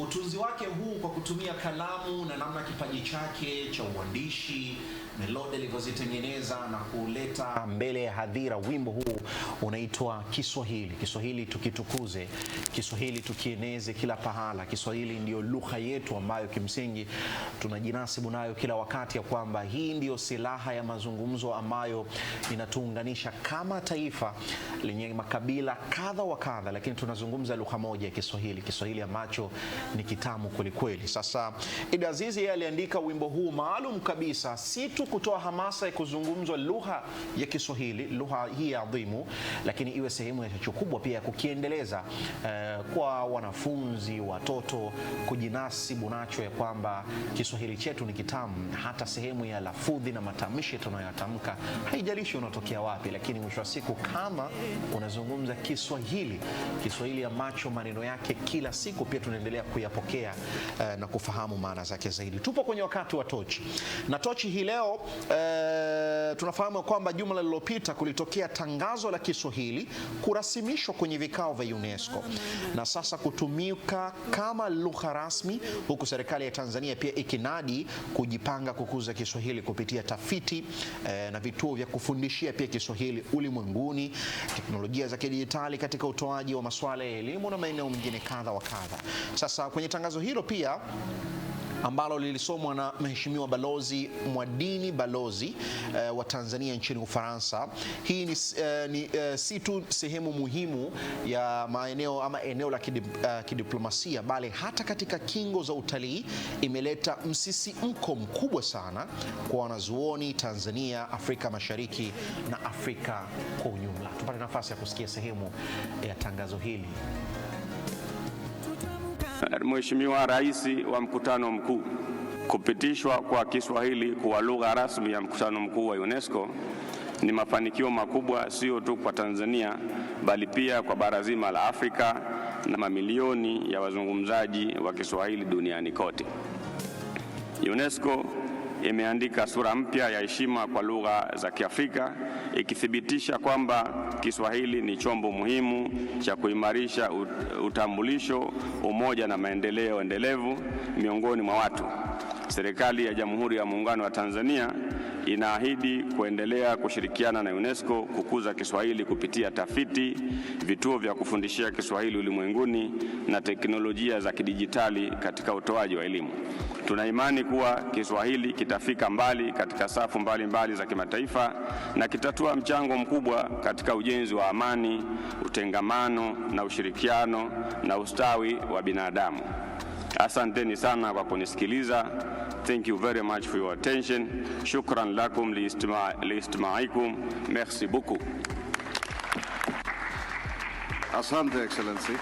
utunzi wake huu kwa kutumia kalamu na namna kipaji chake cha uandishi melodi alivyozitengeneza na kuleta mbele ya hadhira. Wimbo huu unaitwa Kiswahili. Kiswahili tukitukuze, Kiswahili tukieneze kila pahala. Kiswahili ndiyo lugha yetu ambayo kimsingi tunajinasibu nayo kila wakati, ya kwamba hii ndiyo silaha ya mazungumzo ambayo inatuunganisha kama taifa lenye makabila kadha wa kadha, lakini tunazungumza lugha moja ya Kiswahili, Kiswahili ambacho ni kitamu kwelikweli. Sasa idazizi yeye aliandika wimbo huu maalum kabisa si tu kutoa hamasa ya kuzungumzwa lugha ya Kiswahili, lugha hii adhimu, lakini iwe sehemu ya chachu kubwa pia ya kukiendeleza uh, kwa wanafunzi, watoto kujinasibu nacho ya kwamba Kiswahili chetu ni kitamu, hata sehemu ya lafudhi na matamshi tunayotamka haijalishi unatokea wapi, lakini mwisho wa siku kama unazungumza Kiswahili, Kiswahili ambacho maneno yake kila siku pia tunaendelea kuyapokea uh, na kufahamu maana zake zaidi. Tupo kwenye wakati wa tochi na tochi hii leo e, tunafahamu kwamba juma lililopita kulitokea tangazo la Kiswahili kurasimishwa kwenye vikao vya UNESCO na sasa kutumika kama lugha rasmi, huku serikali ya Tanzania pia ikinadi kujipanga kukuza Kiswahili kupitia tafiti e, na vituo vya kufundishia pia Kiswahili ulimwenguni, teknolojia za kidijitali katika utoaji wa masuala ya elimu na maeneo mengine kadha wa kadha. Sasa kwenye tangazo hilo pia ambalo lilisomwa na mheshimiwa balozi Mwadini, balozi uh, wa Tanzania nchini Ufaransa. Hii ni, uh, ni uh, si tu sehemu muhimu ya maeneo ama eneo la kidip, uh, kidiplomasia bali hata katika kingo za utalii imeleta msisimko mkubwa sana kwa wanazuoni Tanzania, Afrika Mashariki na Afrika kwa ujumla. Tupate nafasi ya kusikia sehemu ya tangazo hili. Mheshimiwa Rais wa mkutano mkuu, kupitishwa kwa Kiswahili kuwa lugha rasmi ya mkutano mkuu wa UNESCO ni mafanikio makubwa sio tu kwa Tanzania bali pia kwa bara zima la Afrika na mamilioni ya wazungumzaji wa Kiswahili duniani kote. UNESCO imeandika sura mpya ya heshima kwa lugha za Kiafrika ikithibitisha kwamba Kiswahili ni chombo muhimu cha kuimarisha utambulisho, umoja na maendeleo endelevu miongoni mwa watu. Serikali ya Jamhuri ya Muungano wa Tanzania inaahidi kuendelea kushirikiana na UNESCO kukuza Kiswahili kupitia tafiti, vituo vya kufundishia Kiswahili ulimwenguni na teknolojia za kidijitali katika utoaji wa elimu. Tuna imani kuwa Kiswahili kitafika mbali katika safu mbalimbali mbali za kimataifa na kitatua mchango mkubwa katika ujenzi wa amani, utengamano na ushirikiano na ustawi wa binadamu. Asanteni sana kwa kunisikiliza. Thank you very much for your attention. Shukran lakum liistimaikum. Merci beaucoup. Asante, Excellency.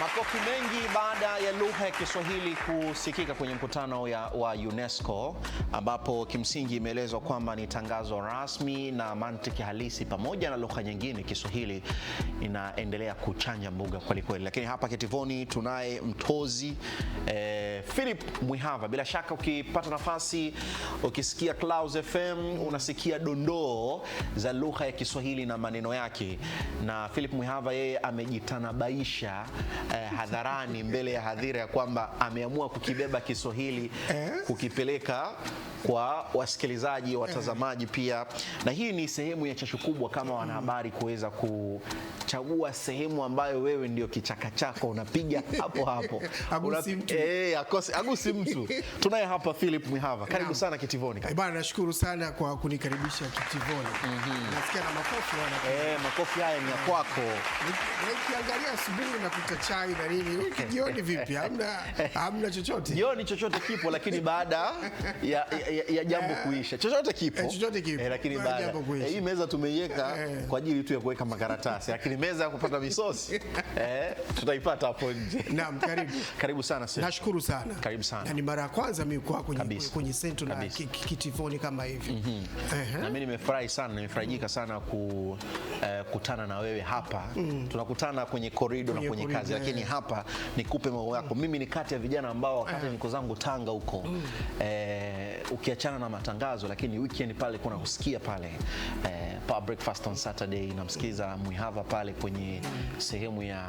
Makofi mengi baada ya lugha ya Kiswahili kusikika kwenye mkutano ya, wa UNESCO ambapo kimsingi imeelezwa kwamba ni tangazo rasmi na mantiki halisi pamoja na lugha nyingine. Kiswahili inaendelea kuchanja mbuga kwelikweli, lakini hapa Ketivoni tunaye mtozi eh, Philip Mwihava, bila shaka ukipata nafasi, ukisikia Clouds FM unasikia dondoo za lugha ya Kiswahili na maneno yake, na Philip Mwihava yeye amejitanabaisha eh, hadharani mbele ya hadhira ya kwamba ameamua kukibeba Kiswahili eh? kukipeleka kwa wasikilizaji watazamaji eh. pia, na hii ni sehemu ya chachu kubwa kama wanahabari kuweza kuchagua sehemu ambayo wewe ndio kichaka chako unapiga hapo hapo. Una, e, eh, agusi mtu. Tunaye hapa Philip Mwihava, karibu sana Kitivoni. Bwana, nashukuru sana kwa kunikaribisha Kitivoni. mm -hmm. Nasikia na makofi wana. Eh, makofi haya ni ya kwako. Nikiangalia asubuhi na kuta chai na nini, wiki jioni vipi? Hamna hamna chochote. Jioni chochote kipo lakini baada ya, ya, ya jambo eh. kuisha. Chochote kipo. Eh, chochote kipo. Eh, lakini baada. Eh, hii meza tumeiweka eh. kwa ajili tu ya kuweka makaratasi lakini meza ya kupata misosi eh, tutaipata hapo nje. Naam, karibu. Karibu sana sasa. Nashukuru sana. Karibu sana. Na ni mara ya kwanza mimi kwa kwenye kwenye sento na kitivoni kama hivi. Mm -hmm. uh -huh. Na mimi nimefurahi sana, nimefarajika sana ku, Uh, kutana na wewe hapa. Mm. Tunakutana kwenye korido na kwenye kazi yeah. Lakini eh. hapa nikupe mambo yako. Mm. Mimi ni kati ya vijana ambao wakati uh -huh. Eh. niko zangu Tanga huko. Mm. Eh, ukiachana na matangazo, lakini weekend pale kuna kusikia pale eh, pa breakfast on Saturday, namsikiza Mwihava pale kwenye sehemu ya,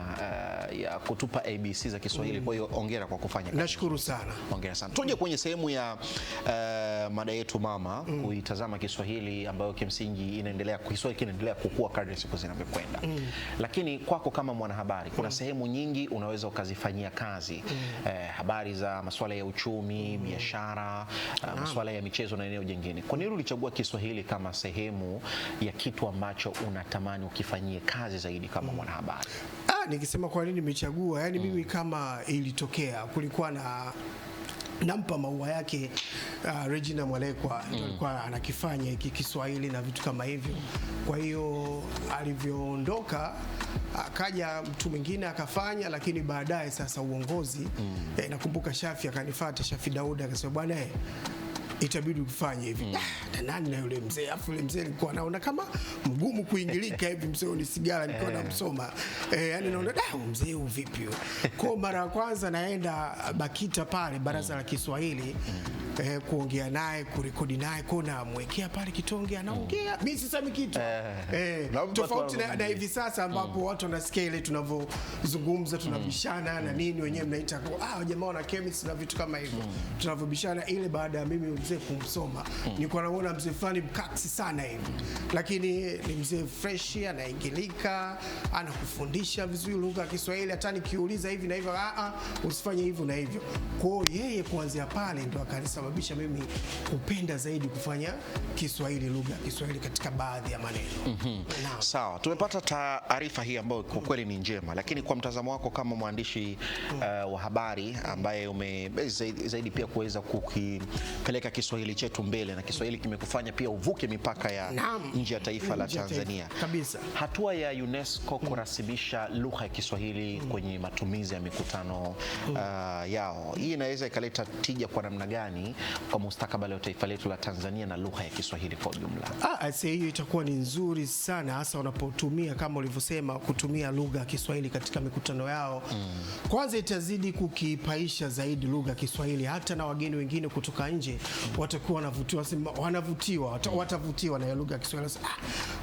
uh, ya kutupa ABC za Kiswahili. Kwa hiyo ongera kwa kufanya. Nashukuru sana, ongera sana. Tuje kwenye sehemu ya uh, mada yetu mama mm. kuitazama Kiswahili ambayo kimsingi inaendelea, Kiswahili kinaendelea kukua kadri siku zinavyokwenda mm. lakini kwako kama mwanahabari kuna mm. sehemu nyingi unaweza ukazifanyia kazi mm. eh, habari za masuala ya uchumi, mm. biashara mm masuala ya michezo na eneo jingine. Kwa nini ulichagua Kiswahili kama sehemu ya kitu ambacho unatamani ukifanyie kazi zaidi kama mwanahabari? Ah, nikisema kwa nini nimechagua, yani mm. mimi kama ilitokea kulikuwa na nampa maua yake uh, Regina Mwalekwa mm. anakifanya hiki Kiswahili na vitu kama hivyo. Kwa hiyo alivyoondoka akaja mtu mwingine akafanya, lakini baadaye sasa uongozi mm. eh, nakumbuka Shafi akanifuata, Shafi Daudi akasema bwana eh, itabidi ufanye hivi mm. na nani na yule mzee, afu yule mzee alikuwa anaona kama mgumu kuingilika hivi, mzee ni sigara nilikuwa eh. namsoma eh, yani naona da ah, mzee huyu vipi huyo. Kwa mara ya kwanza naenda BAKITA pale baraza la Kiswahili mm. eh, kuongea naye kurekodi naye, kwa namwekea pale kitonge anaongea mm. mimi sisemi kitu eh, eh, tofauti na, na hivi sasa ambapo mm. watu wanasikia ile tunavyozungumza tunabishana mm. na hmm. nini, wenyewe mnaita ah, jamaa wana chemistry na vitu kama hivyo mm. tunavyobishana ile baada ya mimi mzee kumsoma mm. Nilikuwa naona mzee fulani mkaksi sana hivi, lakini eh, ni mzee fresh, anaingilika, anakufundisha vizuri lugha ya Kiswahili. Hata nikiuliza hivi na hivyo, a ah, ah, usifanye hivyo na hivyo. Kwa hiyo yeye kuanzia pale ndo akanisababisha mimi kupenda zaidi kufanya Kiswahili, lugha ya Kiswahili katika baadhi ya maneno mm -hmm. Sawa, tumepata taarifa hii ambayo kwa kweli ni njema, lakini kwa mtazamo wako kama mwandishi uh, wa habari ambaye ume eh, zaidi, zaidi pia kuweza kukipeleka Kiswahili chetu mbele, na Kiswahili kimekufanya pia uvuke mipaka ya nje ya taifa la Tanzania kabisa. Hatua ya UNESCO kurasibisha lugha ya Kiswahili mm. kwenye matumizi ya mikutano mm. uh, yao, hii inaweza ikaleta tija kwa namna gani kwa mustakabali wa taifa letu la Tanzania na lugha ya Kiswahili kwa ujumla? Ah, hiyo itakuwa ni nzuri sana, hasa wanapotumia kama ulivyosema, kutumia lugha ya Kiswahili katika mikutano yao mm. Kwanza itazidi kukipaisha zaidi lugha ya Kiswahili hata na wageni wengine kutoka nje watakuwa wanavutiwa, wanavutiwa, watavutiwa na lugha ya Kiswahili. Ah,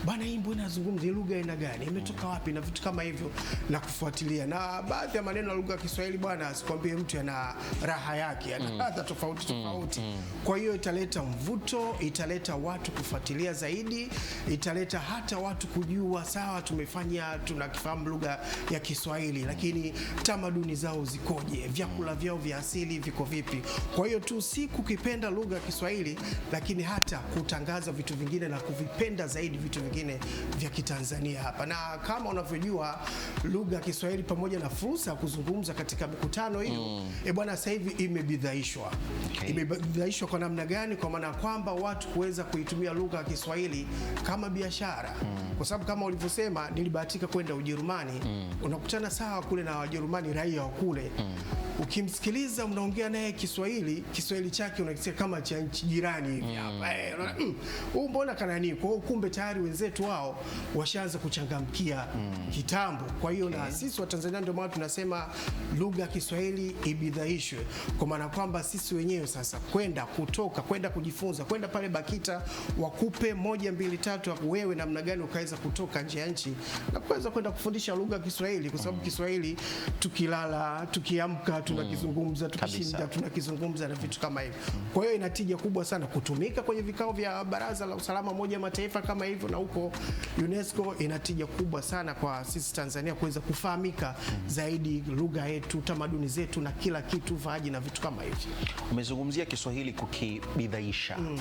bana, hii mbona nazungumza lugha aina gani, imetoka mm. wapi, na vitu kama hivyo, na kufuatilia. Na baadhi ya maneno ya lugha ya Kiswahili bwana, sikwambie mtu ana raha yake, ana ladha mm. tofauti mm, tofauti. Kwa hiyo italeta mvuto, italeta watu kufuatilia zaidi, italeta hata watu kujua, sawa, tumefanya tunakifahamu lugha ya Kiswahili, lakini tamaduni zao zikoje, vyakula vyao vya asili viko vipi? Kwa hiyo tu si kukipenda lugha lugha ya Kiswahili, lakini hata kutangaza vitu vingine na kuvipenda zaidi vitu vingine vya Kitanzania hapa. Na kama unavyojua lugha ya Kiswahili pamoja na fursa ya kuzungumza katika mikutano hiyo mm. E bwana, sasa hivi imebidhaishwa. Okay. Imebidhaishwa kwa namna gani? Kwa maana ya kwamba watu kuweza kuitumia lugha ya Kiswahili kama biashara mm. kwa sababu kama ulivyosema, nilibahatika kwenda Ujerumani mm. unakutana sawa kule na Wajerumani raia wa kule mm. ukimsikiliza, mnaongea naye Kiswahili, Kiswahili chake unakisikia kama cha nchi jirani hivi mm. hapa eh, unaona mm. Mm. mbona kanani Kwa hiyo kumbe tayari wenzetu wao washaanza kuchangamkia mm. kitambo. Kwa hiyo okay. na sisi wa Tanzania ndio maana tunasema lugha ya Kiswahili ibidhaishwe, kwa maana kwamba sisi wenyewe sasa kwenda kutoka kwenda kujifunza kwenda pale BAKITA wakupe moja mbili tatu, wewe namna gani ukaweza kutoka nje ya nchi na kuweza kwenda kufundisha lugha ya Kiswahili, kwa sababu mm. Kiswahili tukilala tukiamka tunakizungumza, tukishinda tunakizungumza na vitu kama hivyo, kwa hiyo na tija kubwa sana kutumika kwenye vikao vya Baraza la Usalama moja Mataifa kama hivyo, na huko UNESCO ina tija kubwa sana kwa sisi Tanzania kuweza kufahamika zaidi lugha yetu, tamaduni zetu na kila kitu, vaji na vitu kama hivyo. Umezungumzia Kiswahili kukibidhaisha mm.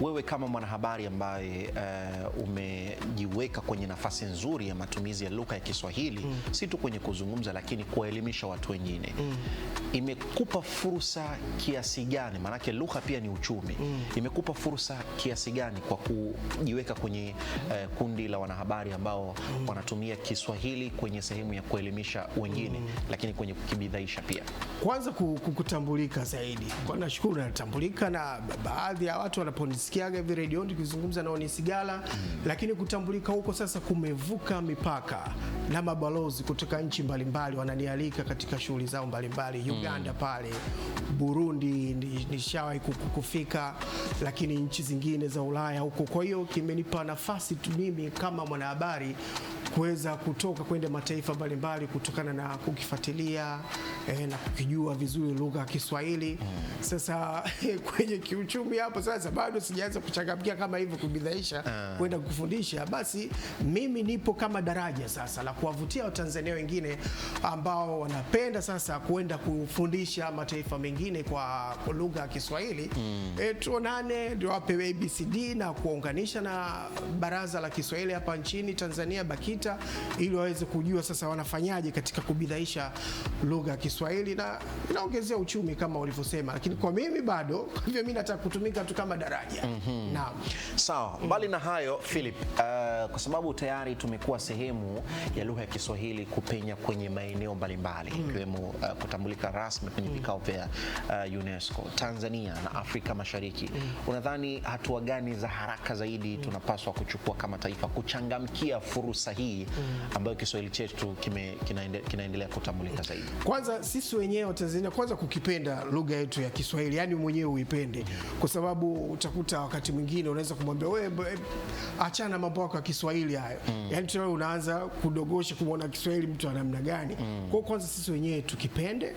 Wewe kama mwanahabari ambaye uh, umejiweka kwenye nafasi nzuri ya matumizi ya lugha ya Kiswahili mm. si tu kwenye kuzungumza, lakini kuwaelimisha watu wengine mm. imekupa fursa kiasi gani? Maanake lugha soka pia ni uchumi mm. Imekupa fursa kiasi gani kwa kujiweka kwenye eh, kundi la wanahabari ambao mm. wanatumia Kiswahili kwenye sehemu ya kuelimisha wengine mm. lakini kwenye kukibidhaisha pia? Kwanza kukutambulika zaidi, kwa nashukuru natambulika na baadhi ya watu wanaponisikiaga hivi redioni tukizungumza na Onisigala mm. lakini kutambulika huko sasa kumevuka mipaka na mabalozi kutoka nchi mbalimbali wananialika katika shughuli zao mbalimbali mbali. Hmm. Uganda mm. pale Burundi nishawahi kufika, lakini nchi zingine za Ulaya huko. Kwa hiyo kimenipa nafasi tu mimi kama mwanahabari kuweza kutoka kwenda mataifa mbalimbali kutokana na kukifuatilia eh, na kukijua vizuri lugha ya Kiswahili mm. Sasa eh, kwenye kiuchumi hapo sasa bado sijaanza kuchangamkia kama hivyo kubidhaisha mm. kwenda kufundisha, basi mimi nipo kama daraja sasa la kuwavutia Watanzania wengine ambao wanapenda sasa kwenda kufundisha mataifa mengine kwa lugha ya Kiswahili mm. E, tuonane ndio wape ABCD na kuwaunganisha na Baraza la Kiswahili hapa nchini Tanzania BAKITA Twitter ili waweze kujua sasa wanafanyaje katika kubidhaisha lugha ya Kiswahili na inaongezea uchumi kama ulivyosema, lakini kwa mimi bado, kwa hivyo mimi nataka kutumika tu kama daraja. mm -hmm. Naam, sawa. so, mm -hmm. Mbali na hayo Philip, uh, kwa sababu tayari tumekuwa sehemu ya lugha ya Kiswahili kupenya kwenye maeneo mbalimbali mm. ikiwemo mm -hmm. uh, kutambulika rasmi kwenye mm. vikao mm -hmm. vya uh, UNESCO Tanzania na Afrika Mashariki mm -hmm. unadhani hatua gani za haraka zaidi mm -hmm. tunapaswa kuchukua kama taifa kuchangamkia fursa hii hii mm. ambayo Kiswahili chetu kinaendelea kinaende kutambulika zaidi. Kwanza sisi wenyewe Watanzania kwanza kukipenda lugha yetu ya Kiswahili, yani mwenyewe uipende, mm. kwa sababu utakuta wakati mwingine unaweza kumwambia wewe, achana mambo yako ya Kiswahili hayo mm. yani tena unaanza kudogosha kumwona Kiswahili mtu ana namna gani mm. kwa kwanza sisi wenyewe tukipende,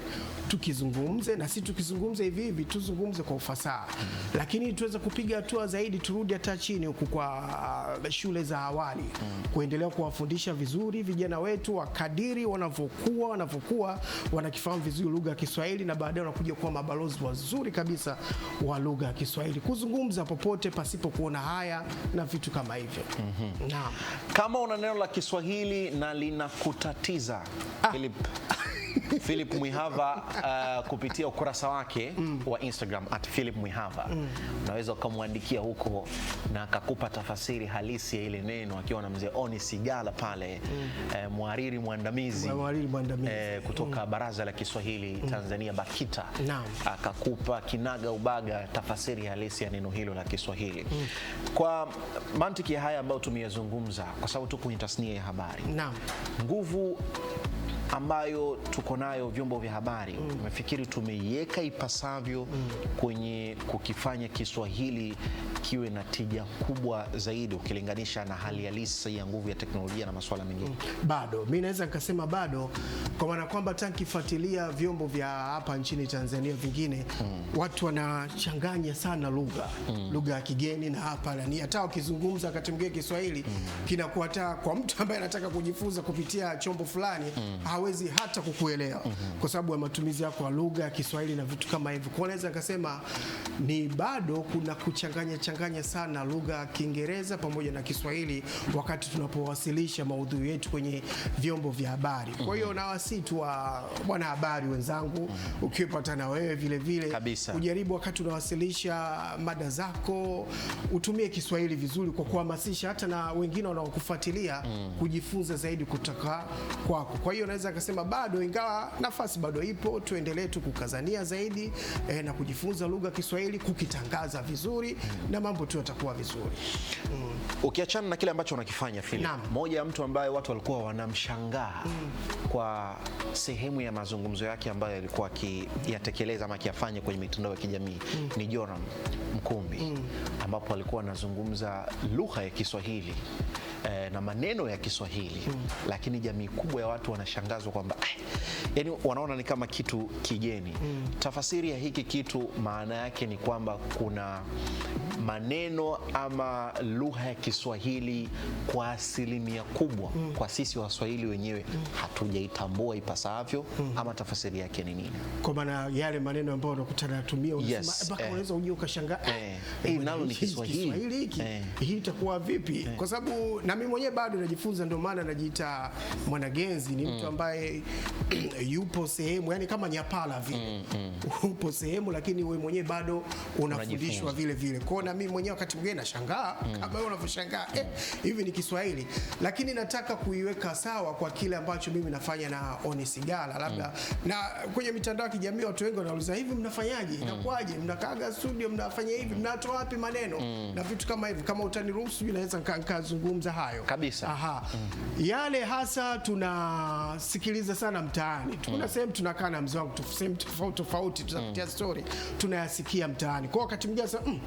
tukizungumze na sisi tukizungumze hivi hivi tuzungumze kwa ufasaha mm. lakini tuweza kupiga hatua zaidi, turudi hata chini huku kwa uh, shule za awali mm. kuendelea kuwafundisha wanafundisha vizuri, vijana wetu wakadiri wanavyokuwa wanavyokuwa wanakifahamu vizuri lugha ya Kiswahili na baadaye wanakuja kuwa mabalozi wazuri kabisa wa lugha ya Kiswahili, kuzungumza popote pasipo kuona haya na vitu kama hivyo. mm -hmm. Naam, kama una neno la Kiswahili na linakutatiza ah. Philip Mwihava uh, kupitia ukurasa wake mm. wa Instagram at Philip Mwihava mm. unaweza ukamwandikia huko na akakupa tafasiri halisi ya ile neno, akiwa na mzee Oni Sigala pale mm. eh, mwariri mwandamizi, mwariri mwandamizi. Eh, kutoka mm. Baraza la Kiswahili mm. Tanzania BAKITA Naam. akakupa kinaga ubaga tafasiri halisi ya neno hilo la Kiswahili mm. kwa mantiki ya haya ambayo tumeyazungumza, kwa sababu tu kwenye tasnia ya habari Naam. nguvu ambayo tuko nayo vyombo vya habari mm. Nafikiri tumeiweka ipasavyo mm. kwenye kukifanya Kiswahili kiwe na tija kubwa zaidi ukilinganisha na hali halisi ya nguvu ya teknolojia na masuala mengine mm. Bado mi naweza nikasema bado, kwa maana kwamba tankifuatilia vyombo vya hapa nchini Tanzania vingine mm. watu wanachanganya sana lugha mm. lugha ya kigeni na hapa nani, hata wakizungumza wakati mwingine Kiswahili mm. kinakuwa kwa mtu ambaye anataka kujifunza kupitia chombo fulani mm hawezi hata kukuelewa mm -hmm. kwa sababu ya matumizi yako ya lugha ya Kiswahili na vitu kama hivyo. Kwa naweza akasema ni bado kuna kuchanganya changanya sana lugha ya Kiingereza pamoja na Kiswahili wakati tunapowasilisha maudhui yetu kwenye vyombo vya habari. Kwa hiyo mhm. nawasi tu wa wanahabari wenzangu, mhm. ukiwepata na wewe vile vile kabisa, ujaribu wakati unawasilisha mada zako utumie Kiswahili vizuri kwa kuhamasisha hata na wengine wanaokufuatilia mm. kujifunza zaidi kutoka kwako. Kwa hiyo naweza anaweza akasema bado, ingawa nafasi bado ipo, tuendelee tu kukazania zaidi eh, na kujifunza lugha Kiswahili, kukitangaza vizuri na mambo tu yatakuwa vizuri mm. Ukiachana na kile ambacho unakifanya Philip, moja ya mtu ambaye watu walikuwa wanamshangaa mm. kwa sehemu ya mazungumzo yake ambayo alikuwa akiyatekeleza ama akiyafanya kwenye mitandao ya kijamii mm. ni Joram Mkumbi mm. ambapo alikuwa anazungumza lugha ya Kiswahili eh, na maneno ya Kiswahili mm. Lakini jamii kubwa ya watu wanashangazwa kwamba eh, yani wanaona ni kama kitu kigeni mm. Tafasiri ya hiki kitu maana yake ni kwamba kuna maneno ama lugha ya Kiswahili kwa asilimia kubwa mm. kwa sisi Waswahili wenyewe mm. hatujaitambua ipasavyo mm. ama tafasiri yake ni nini? Kwa maana yale maneno ambayo unakuta yes. Eh, mpaka eh. unaweza unyoka ukashangaa, eh, eh nalo ni Kiswahili hiki, hii itakuwa vipi? Kwa sababu na mi mwenyewe bado najifunza, ndio maana najiita mwanagenzi. Ni mtu mm. ambaye yupo sehemu, yani kama nyapala vile mm, mm. upo sehemu, lakini wewe mwenyewe bado unafundishwa vile vile. Kwa na mimi mwenyewe wakati mwingine nashangaa kama wewe unavyoshangaa, eh, hivi ni Kiswahili, lakini nataka kuiweka sawa kwa kile ambacho mimi nafanya na Onisigala labda mm. na kwenye mitandao ya kijamii watu wengi wanauliza hivi, mnafanyaje? Inakuwaje? mm. mnakaga studio, mnafanya hivi, mnatoa wapi maneno mm. na vitu kama hivi. Kama utaniruhusu, mimi naweza nikazungumza hayo kabisa. Aha. Mm. Yale hasa tunasikiliza sana mtaani, kuna mm. sehemu tunakaa na mzee wangu sehemu tofauti tofauti, tunapitia mm. story tunayasikia mtaani, kwa wakati mwingine sasa mm,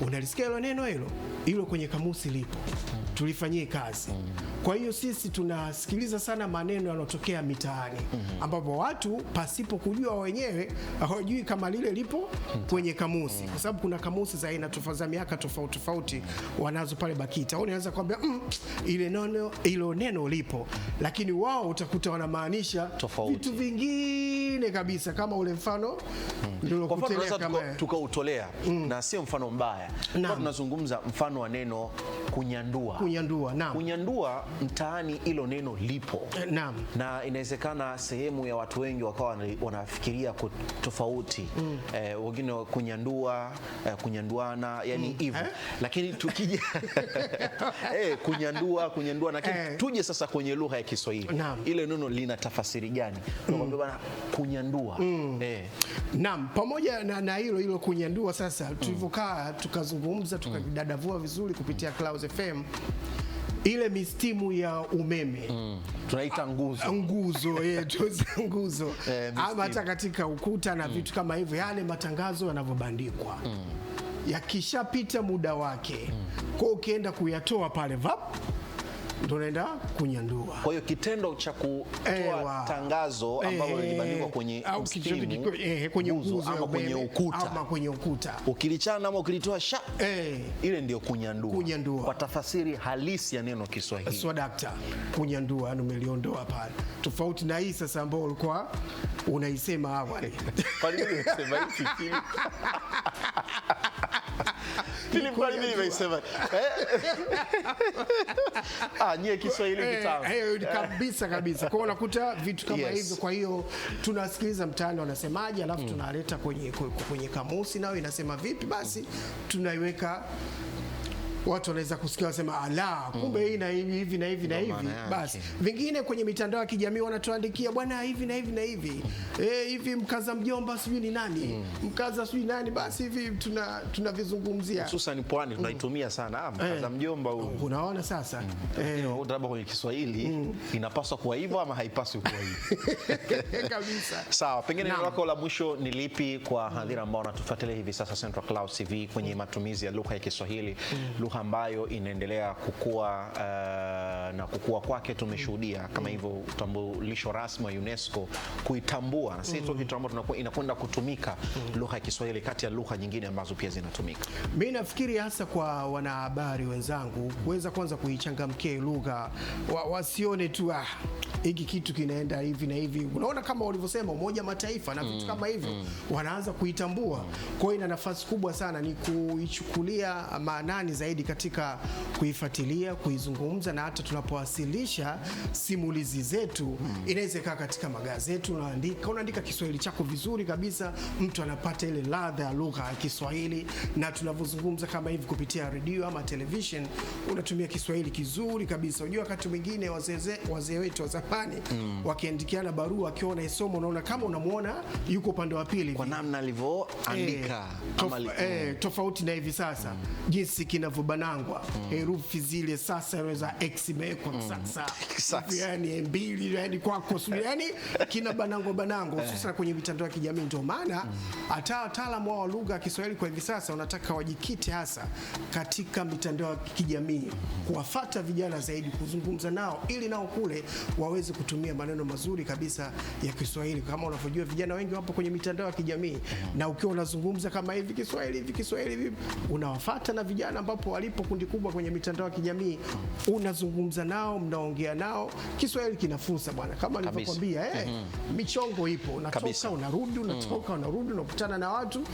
unalisikia hilo neno hilo hilo kwenye kamusi lipo tulifanyie kazi. Kwa hiyo sisi tunasikiliza sana maneno yanayotokea mitaani, ambapo watu pasipo kujua wenyewe hawajui kama lile lipo kwenye kamusi, kwa sababu kuna kamusi za aina za miaka tofauti tofauti wanazo pale BAKITA. Unaweza kuambia mm, ile neno ilo neno lipo, lakini wao utakuta wanamaanisha vitu vingine kabisa, kama ule mfano mm. tukautolea mm. na sio mfano mbaya, tunazungumza mfano wa neno kunyandua kunyandua. Naam. Kunyandua mtaani hilo neno lipo. Eh, naam. Na inawezekana sehemu ya watu wengi wakawa wanafikiria tofauti mm. Eh, wengine kunyandua eh, kunyanduana yani mm. hivyo mm. eh? Lakini tukija eh, kunyandua kunyandua na eh. Tuje sasa kwenye lugha ya Kiswahili ile neno lina tafasiri gani? mm. Kunyandua mm. eh. Naam, pamoja na, na hilo hilo kunyandua sasa, mm. tulivyokaa tukazungumza tukadadavua vizuri kupitia Clouds FM ile mistimu ya umeme mm. tunaita nguzo nguzo yeah, nguzo eh, ama hata katika ukuta na mm. vitu kama hivyo, yale matangazo yanavyobandikwa mm. yakishapita muda wake mm. kwa ukienda kuyatoa pale vap tunaenda kunyandua. Kwa hiyo kitendo cha kutoa tangazo ambalo eh, lilibandikwa kwenye eh, nguzo ama kwenye ukuta ama kwenye ukuta ukilichana ama ukilitoa sha eh. ile ndio kunyandua. Kunyandua kwa tafasiri halisi ya neno Kiswahili dakta, kunyandua nimeliondoa pale, tofauti na hii sasa ambayo ulikuwa unaisema awali. Kwa nini unasema hivi? Eh? Ah, nyie Kiswahili kitamu eh, eh, kabisa kabisa. Kwa unakuta vitu kama yes. hivyo. Kwa hiyo tunasikiliza mtaani wanasemaje, alafu mm. tunaleta kwenye, kwenye kamusi nayo inasema vipi, basi tunaiweka watu wanaweza kusikia wasema ala, kumbe mm. hii na hivi na hivi na hivi basi. Vingine kwenye mitandao ya kijamii wanatuandikia bwana, hivi na hivi na hivi eh, hivi mkaza mjomba sijui ni nani mm. mkaza sijui nani, basi hivi tuna tunavizungumzia, hususan pwani tunaitumia sana ah, mkaza eh. mjomba huyu. Unaona sasa mm. eh. labda kwenye Kiswahili mm. inapaswa kuwa hivyo ama haipaswi kuwa hivyo kabisa. Sawa, pengine neno lako la mwisho ni lipi kwa hadhira ambao wanatufuatilia hivi sasa Central Cloud TV kwenye matumizi ya lugha ya Kiswahili mm ambayo inaendelea kukua uh, na kukua kwake tumeshuhudia kama hivyo utambulisho rasmi wa UNESCO kuitambua na sisi tu mm. kitu inakwenda kutumika mm. lugha ya Kiswahili kati ya lugha nyingine ambazo pia zinatumika. Mimi nafikiri hasa kwa wanahabari wenzangu kuweza kwanza kuichangamkia lugha wa, wasione tu ah hiki kitu kinaenda hivi na hivi. Unaona kama walivyosema Umoja Mataifa na vitu mm, kama hivyo mm, wanaanza kuitambua. Mm. Kwa hiyo ina nafasi kubwa sana ni kuichukulia maanani zaidi zaidi katika kuifuatilia, kuizungumza na hata tunapowasilisha simulizi zetu mm. inaweza ikaa katika magazeti, unaandika unaandika Kiswahili chako vizuri kabisa, mtu anapata ile ladha ya lugha ya Kiswahili, na tunavyozungumza kama hivi kupitia redio ama television, unatumia Kiswahili kizuri kabisa. Unajua, wakati mwingine wazee wazee wetu wa zamani mm. wakiandikiana barua, akiwa unaisoma unaona kama unamwona yuko upande wa pili kwa namna alivyoandika, eh, tof, eh, tofauti na hivi sasa mm. jinsi kinavyo Mwanangwa mm. herufi zile sasa za x imewekwa mm. sasa mm. yani mbili yani kwako sio yani kina banango banango eh. hususan kwenye mitandao ya kijamii ndio maana mm. hata mm. wataalamu wa lugha ya Kiswahili kwa hivi sasa wanataka wajikite hasa katika mitandao ya kijamii kuwafuata vijana zaidi kuzungumza nao ili nao kule waweze kutumia maneno mazuri kabisa ya Kiswahili kama unavyojua vijana wengi wapo kwenye mitandao ya kijamii mm. na ukiwa unazungumza kama hivi Kiswahili hivi Kiswahili hivi unawafuata na vijana ambapo walipo kundi kubwa kwenye mitandao ya kijamii, unazungumza nao, mnaongea nao, Kiswahili kina fursa bwana, kama nilivyokuambia eh, mm -hmm. michongo ipo, unatoka unarudi, mm. unatoka mm -hmm. unarudi, unakutana na watu,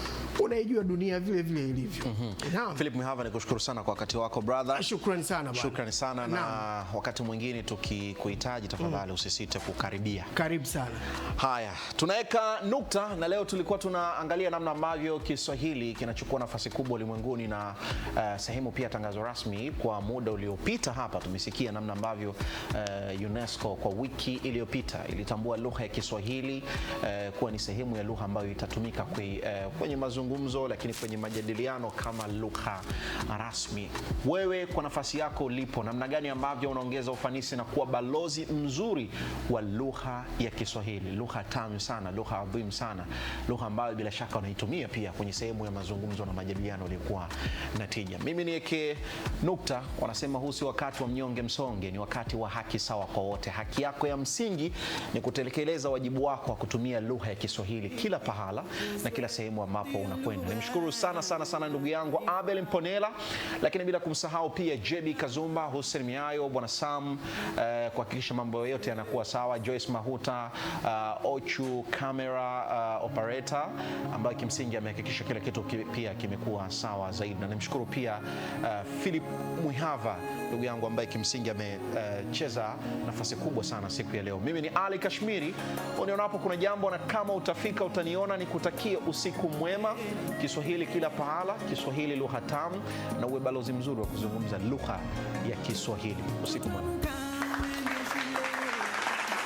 unaijua dunia vile vile ilivyo. mm -hmm. Philip Mihava, nikushukuru sana kwa wakati wako brother. Ah, shukrani sana bwana, shukrani sana na, na wakati mwingine tukikuhitaji, tafadhali mm -hmm. usisite kukaribia. Karibu sana. Haya, tunaweka nukta na leo tulikuwa tunaangalia namna ambavyo Kiswahili kinachukua nafasi kubwa ulimwenguni na uh, sehemu pia tangazo rasmi kwa muda uliopita. Hapa tumesikia namna ambavyo uh, UNESCO kwa wiki iliyopita ilitambua lugha ya Kiswahili uh, kuwa ni sehemu ya lugha ambayo itatumika kwe, uh, kwenye mazungumzo lakini kwenye majadiliano kama lugha rasmi. Wewe kwa nafasi yako ulipo, namna gani ambavyo unaongeza ufanisi na kuwa balozi mzuri wa lugha ya Kiswahili, lugha tamu sana, lugha adhimu sana, lugha ambayo bila shaka unaitumia pia kwenye sehemu ya mazungumzo na majadiliano yaliyokuwa na tija. Mimi ni Weke nukta, wanasema huu si wakati wa mnyonge msonge, ni wakati wa haki sawa kwa wote. Haki yako ya msingi ni kutekeleza wajibu wako wa kutumia lugha ya Kiswahili kila pahala na kila sehemu ambapo unakwenda. Nimshukuru sana sana sana ndugu yangu Abel Mponela, lakini bila kumsahau pia JB Kazumba, Hussein Miayo, bwana Sam eh, kuhakikisha mambo yote yanakuwa sawa, Joyce Mahuta, uh, Ochu camera uh, operator ambayo kimsingi amehakikisha kila kitu pia kimekuwa sawa zaidi, na nimshukuru pia uh, Philip Mwihava ndugu yangu ambaye kimsingi amecheza uh, nafasi kubwa sana siku ya leo. Mimi ni Ali Kashmiri, unionapo kuna jambo, na kama utafika utaniona, ni kutakia usiku mwema. Kiswahili kila pahala, Kiswahili lugha tamu, na uwe balozi mzuri wa kuzungumza lugha ya Kiswahili. Usiku mwema.